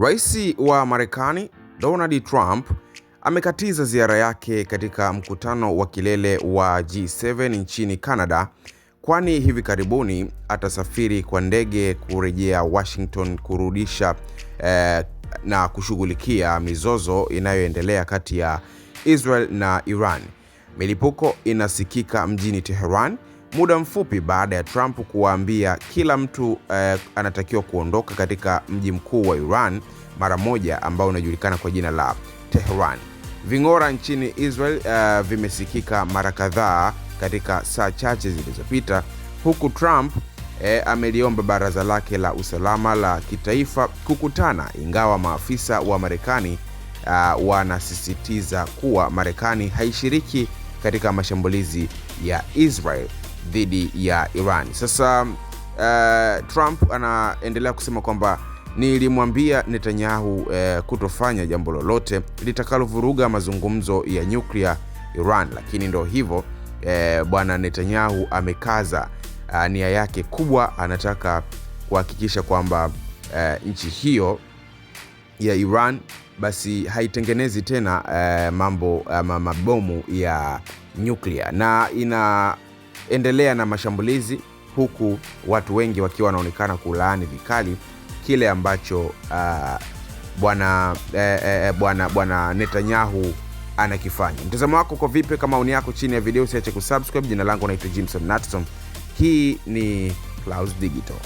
Rais wa Marekani Donald Trump amekatiza ziara yake katika mkutano wa kilele wa G7 nchini Canada, kwani hivi karibuni atasafiri kwa ndege kurejea Washington kurudisha eh, na kushughulikia mizozo inayoendelea kati ya Israel na Iran. Milipuko inasikika mjini teheran muda mfupi baada ya Trump kuwaambia kila mtu eh, anatakiwa kuondoka katika mji mkuu wa Iran mara moja ambao unajulikana kwa jina la Tehran. Ving'ora nchini Israel eh, vimesikika mara kadhaa katika saa chache zilizopita huku Trump eh, ameliomba baraza lake la usalama la kitaifa kukutana, ingawa maafisa wa Marekani uh, wanasisitiza kuwa Marekani haishiriki katika mashambulizi ya Israel dhidi ya Iran. Sasa uh, Trump anaendelea kusema kwamba nilimwambia Netanyahu uh, kutofanya jambo lolote litakalovuruga mazungumzo ya nyuklia Iran, lakini ndo hivyo uh, bwana Netanyahu amekaza uh, nia yake kubwa, anataka kuhakikisha kwamba uh, nchi hiyo ya Iran basi haitengenezi tena uh, mambo ama mabomu ya nyuklia na ina endelea na mashambulizi, huku watu wengi wakiwa wanaonekana kulaani vikali kile ambacho uh, bwana eh, eh, eh bwana bwana Netanyahu anakifanya. Mtazamo wako uko vipi? Kama uni yako chini ya video, usiache kusubscribe. Jina langu naitwa Jimson Natson, hii ni Clouds Digital.